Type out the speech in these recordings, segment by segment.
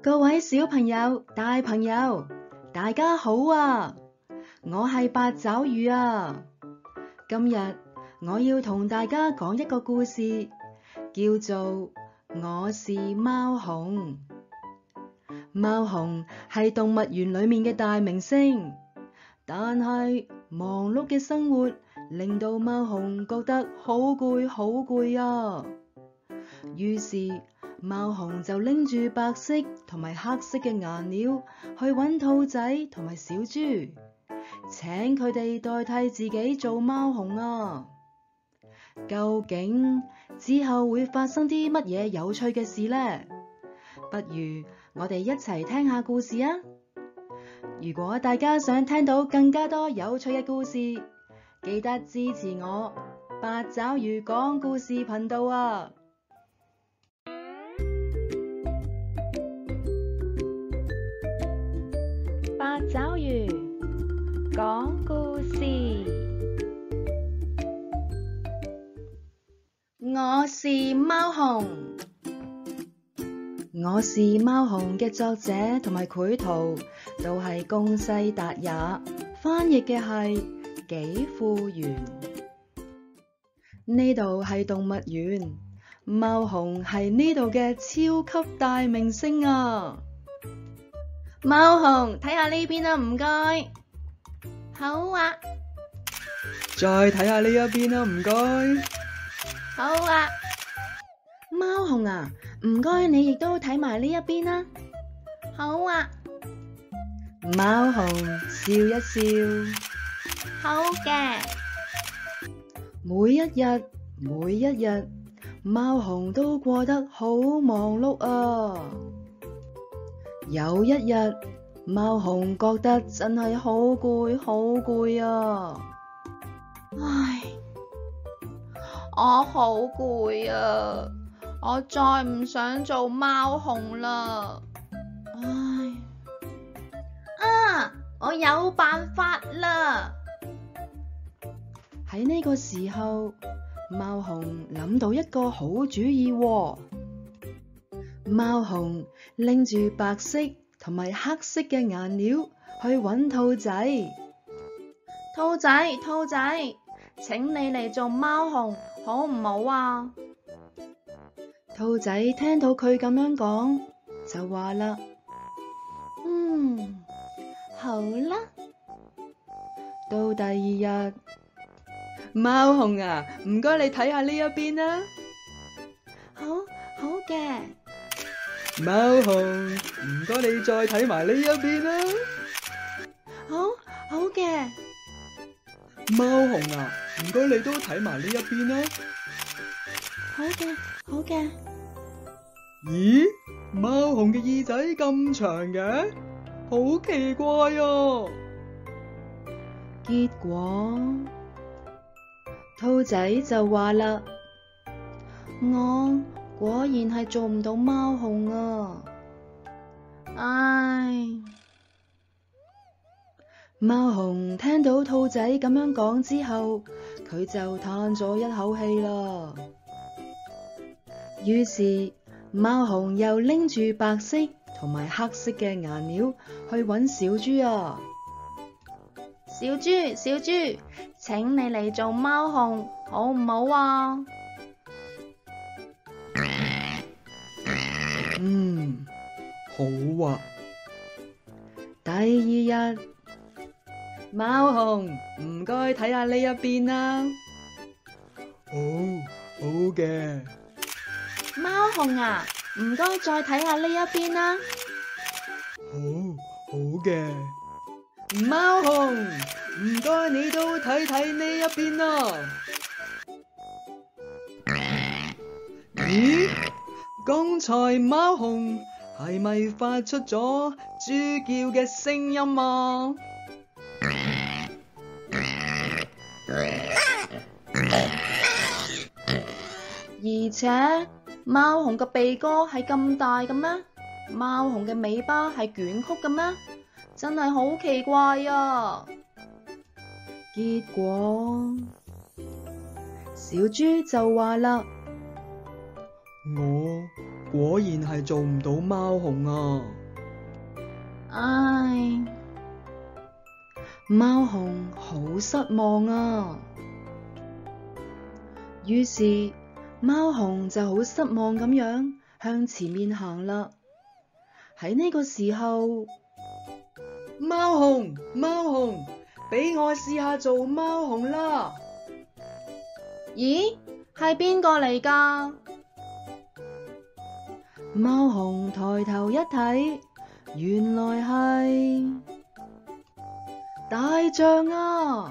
各位小朋友、大朋友，大家好啊！我係八爪魚啊！今日我要同大家講一個故事，叫做《我是貓熊》。貓熊係動物園裏面嘅大明星，但係忙碌嘅生活令到貓熊覺得好攰好攰啊！於是，貓熊就拎住白色同埋黑色嘅顏料去揾兔仔同埋小豬，請佢哋代替自己做貓熊啊！究竟之後會發生啲乜嘢有趣嘅事呢？不如我哋一齊聽下故事啊！如果大家想聽到更加多有趣嘅故事，記得支持我八爪魚講故事頻道啊！找魚講故事。我是貓熊，我是貓熊嘅作者同埋繪圖都係宮西達也，翻譯嘅係紀富元。呢度係動物園，貓熊係呢度嘅超級大明星啊！貓熊，睇下呢邊啦，唔該。好啊。再睇下呢一邊啦，唔該。好啊。貓熊啊，唔該你亦都睇埋呢一邊啦。好啊。貓熊笑一笑。好嘅。每一日，每一日，貓熊都過得好忙碌啊。有一日，貓熊覺得真係好攰，好攰啊！唉，我好攰啊，我再唔想做貓熊啦！唉，啊，我有辦法啦！喺呢個時候，貓熊諗到一個好主意啊，貓熊。拎住白色同埋黑色嘅顏料去揾兔仔，兔仔，兔仔，請你嚟做貓熊，好唔好啊？兔仔聽到佢咁樣講，就話啦，嗯，好啦。到第二日，貓熊啊，唔該你睇下呢一邊啊。好，好嘅。貓熊，唔該你再睇埋呢一邊啦。好好嘅。貓熊啊，唔該你都睇埋呢一邊啦。好嘅，好嘅。咦？貓熊嘅耳仔咁長嘅？好奇怪啊！結果，兔仔就話啦，我。果然係做唔到貓熊啊！唉，貓熊聽到兔仔咁樣講之後，佢就嘆咗一口氣啦。於是貓熊又拎住白色同埋黑色嘅顏料去揾小豬啊！小豬，小豬，請你嚟做貓熊，好唔好啊？好啊！第二日，貓熊唔該睇下呢一邊啦、啊。好，好嘅。貓熊啊，唔該再睇下呢一邊啦、啊。好，好嘅。貓熊，唔該你都睇睇呢一邊咯、啊。 咦？剛才貓熊。係咪發出咗豬叫嘅聲音啊？而且貓熊嘅鼻哥係咁大嘅咩？貓熊嘅尾巴係捲曲嘅咩？真係好奇怪啊！結果小豬就話啦：我。果然係做唔到貓熊啊！唉、哎，貓熊好失望啊！於是貓熊就好失望咁樣向前面行啦。喺呢個時候，貓熊貓熊，俾我試下做貓熊啦！咦，係邊個嚟㗎？貓熊抬頭一睇，原來係大象啊！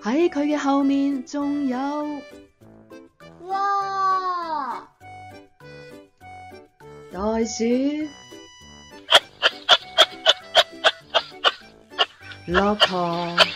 喺佢嘅後面仲有，哇！袋鼠、駱駝。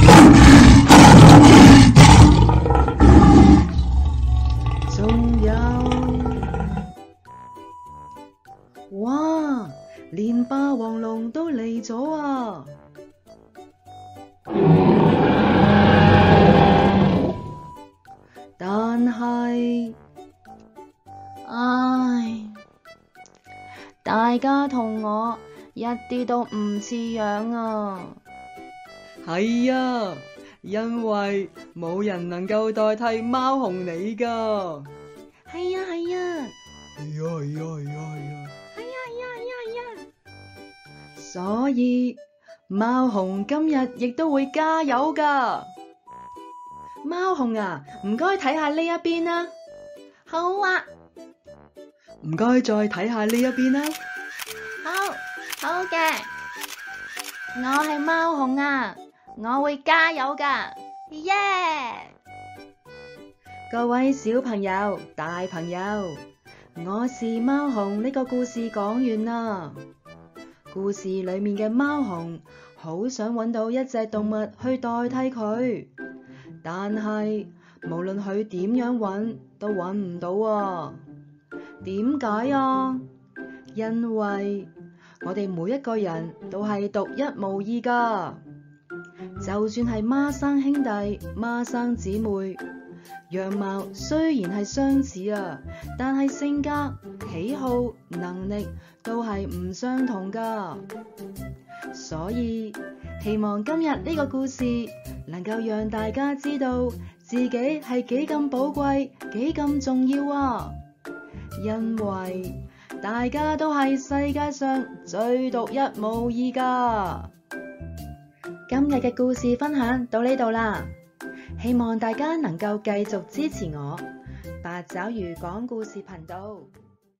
啊！連霸王龍都嚟咗啊！但係，唉，大家同我一啲都唔似樣啊！係啊，因為冇人能夠代替貓熊你噶。係啊係啊。係啊係啊係啊。所以，貓熊今日亦都會加油噶。貓熊啊，唔該睇下呢一邊啦，啊。好啊。唔該再睇下呢一邊啦，啊。好，好嘅。我係貓熊啊，我會加油噶。耶，yeah!！各位小朋友、大朋友，我是貓熊，呢個故事講完啦。故事裏面嘅貓熊好想揾到一隻動物去代替佢，但係無論佢點樣揾都揾唔到啊，點解啊？因為我哋每一個人都係獨一無二噶，就算係孖生兄弟、孖生姊妹。樣貌雖然係相似啊，但係性格、喜好、能力都係唔相同噶。所以希望今日呢個故事能夠讓大家知道自己係幾咁寶貴、幾咁重要啊！因為大家都係世界上最獨一無二噶。今日嘅故事分享到呢度啦。希望大家能夠繼續支持我、八爪魚講故事頻道。